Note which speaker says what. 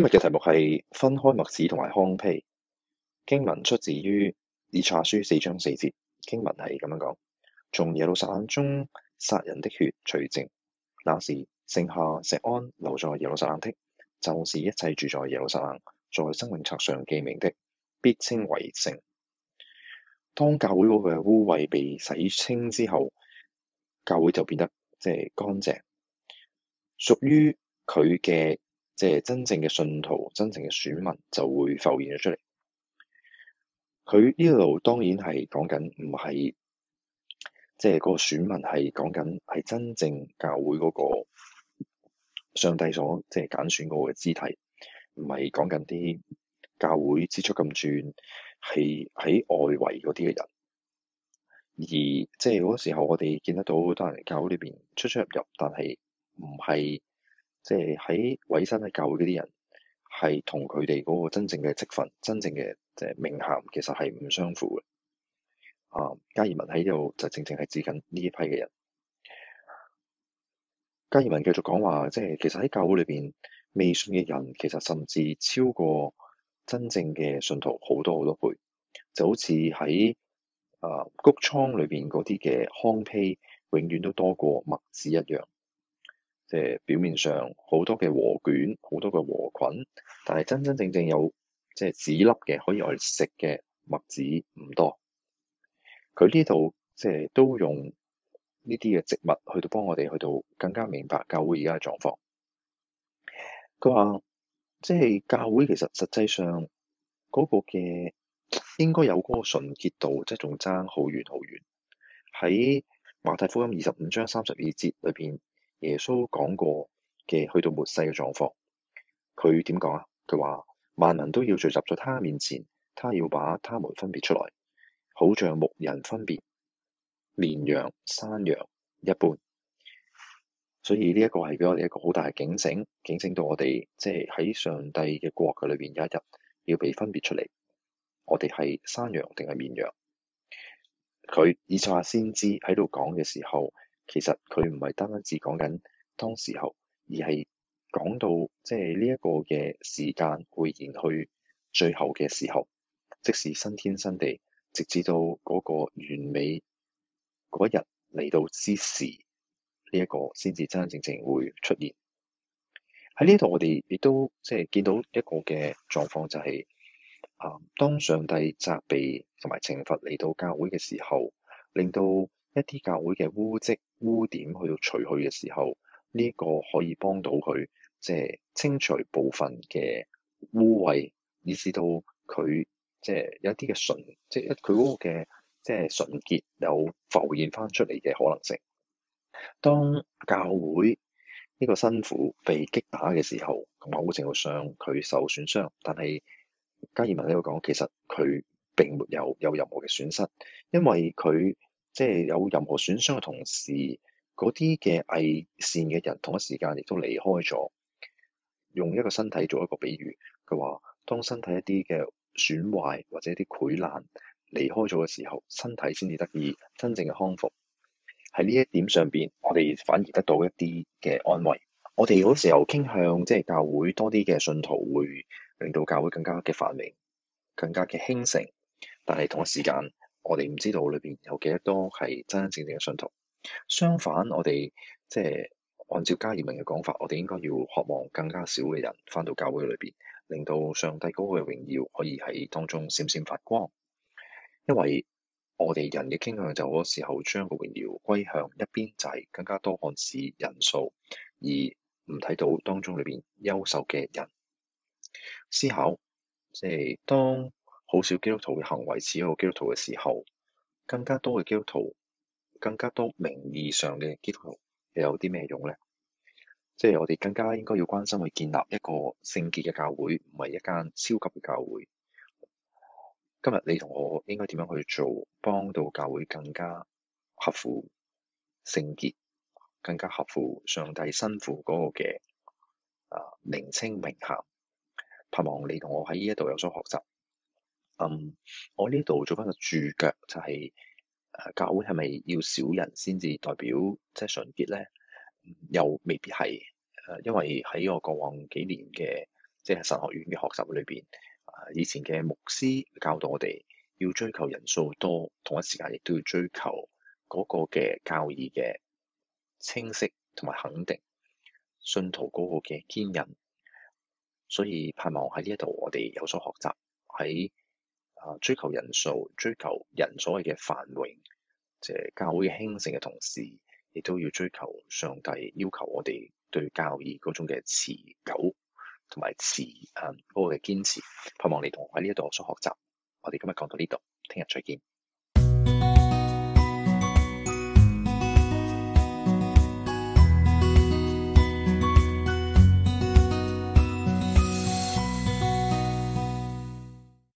Speaker 1: 今日嘅題目係分開麥子同埋糠秕，經文出自於以賽亞書四章四節。經文係咁樣講，從耶路撒冷中殺人的血除淨，那時剩下錫安留在耶路撒冷的，就是一切住在耶路撒冷，在生命冊上記名的，必稱為聖。當教會嘅污穢被洗清之後，教會就變得即係乾淨，屬於佢嘅。即係真正嘅信徒，真正嘅選民就會浮現咗出嚟。佢呢度當然係講緊，唔係即係嗰個選民係講緊係真正教會嗰個上帝所即係揀選嗰嘅肢體，唔係講緊啲教會支出咁轉，係喺外圍嗰啲嘅人。而即係嗰個時候，我哋見得到好多人，教會裏邊出出入入，但係唔係。即係喺偉身喺教會呢啲人，係同佢哋嗰個真正嘅職分、真正嘅即係名銜，其實係唔相符嘅。啊，加爾文喺度就正正係指緊呢一批嘅人。加爾文繼續講話，即係其實喺教會裏邊，未信嘅人其實甚至超過真正嘅信徒好多好多倍，就好似喺啊穀倉裏邊嗰啲嘅糠秕，永遠都多過麥子一樣。即係表面上好多嘅禾卷，好多嘅禾捆，但係真真正正有即係籽粒嘅可以我嚟食嘅麥子唔多。佢呢度即係都用呢啲嘅植物去到幫我哋去到更加明白教會而家嘅狀況。佢話即係教會其實實際上嗰個嘅應該有嗰個純潔度，即係仲爭好遠好遠。喺馬太福音二十五章三十二節裏邊。耶穌講過嘅去到末世嘅狀況，佢點講啊？佢話萬民都要聚集在他面前，他要把他們分別出來，好像牧人分別綿羊山羊一般。所以呢一個係俾我哋一個好大嘅警醒，警醒到我哋即係喺上帝嘅國嘅裏邊有一日要被分別出嚟，我哋係山羊定係綿羊？佢以賽亞先知喺度講嘅時候。其實佢唔係單單只講緊當時候，而係講到即係呢一個嘅時間會延去最後嘅時候，即使新天新地，直至到嗰個完美嗰日嚟到之時，呢一個先至真真正正會出現。喺呢度我哋亦都即係見到一個嘅狀況，就係啊，當上帝責備同埋懲罰嚟到教會嘅時候，令到一啲教會嘅污迹、污點去到除去嘅時候，呢、這個可以幫到佢，即、就、係、是、清除部分嘅污穢，以致到佢即係有一啲嘅純，即係一佢嗰個嘅即係純潔有浮現翻出嚟嘅可能性。當教會呢個辛苦被擊打嘅時候，咁某程度上佢受損傷，但係加爾文喺度講，其實佢並沒有有任何嘅損失，因為佢。即係有任何損傷嘅同時，嗰啲嘅偽善嘅人同一時間亦都離開咗。用一個身體做一個比喻，佢話：當身體一啲嘅損壞或者一啲潰爛離開咗嘅時候，身體先至得以真正嘅康復。喺呢一點上邊，我哋反而得到一啲嘅安慰。我哋有時候傾向即係教會多啲嘅信徒會令到教會更加嘅繁榮、更加嘅興盛，但係同一時間。我哋唔知道裏邊有幾多係真真正正嘅信徒。相反，我哋即係按照加爾文嘅講法，我哋應該要渴望更加少嘅人返到教會裏邊，令到上帝嗰個榮耀可以喺當中閃閃發光。因為我哋人嘅傾向就好多時候將個榮耀歸向一邊，就係、是、更加多看視人數，而唔睇到當中裏邊優秀嘅人。思考，即係當。好少基督徒嘅行為，似一個基督徒嘅時候，更加多嘅基督徒，更加多名義上嘅基督徒，又有啲咩用咧？即係我哋更加應該要關心去建立一個聖潔嘅教會，唔係一間超級嘅教會。今日你同我應該點樣去做，幫到教會更加合乎聖潔，更加合乎上帝吩咐嗰個嘅啊名稱名銜？盼望你同我喺呢一度有所學習。嗯，um, 我呢度做翻個注腳，就係誒教會係咪要少人先至代表即係、就是、純潔咧？又未必係誒，因為喺我過往幾年嘅即係神學院嘅學習裏邊，誒以前嘅牧師教導我哋要追求人數多，同一時間亦都要追求嗰個嘅教義嘅清晰同埋肯定，信徒嗰個嘅堅韌，所以盼望喺呢一度我哋有所學習喺。啊，追求人數，追求人所謂嘅繁榮，即係教會嘅興盛嘅同時，亦都要追求上帝要求我哋對教義嗰種嘅持久同埋持誒嗰、啊嗰個嘅堅持。盼望你同我喺呢一度所學習，我哋今日講到呢度，聽日再見。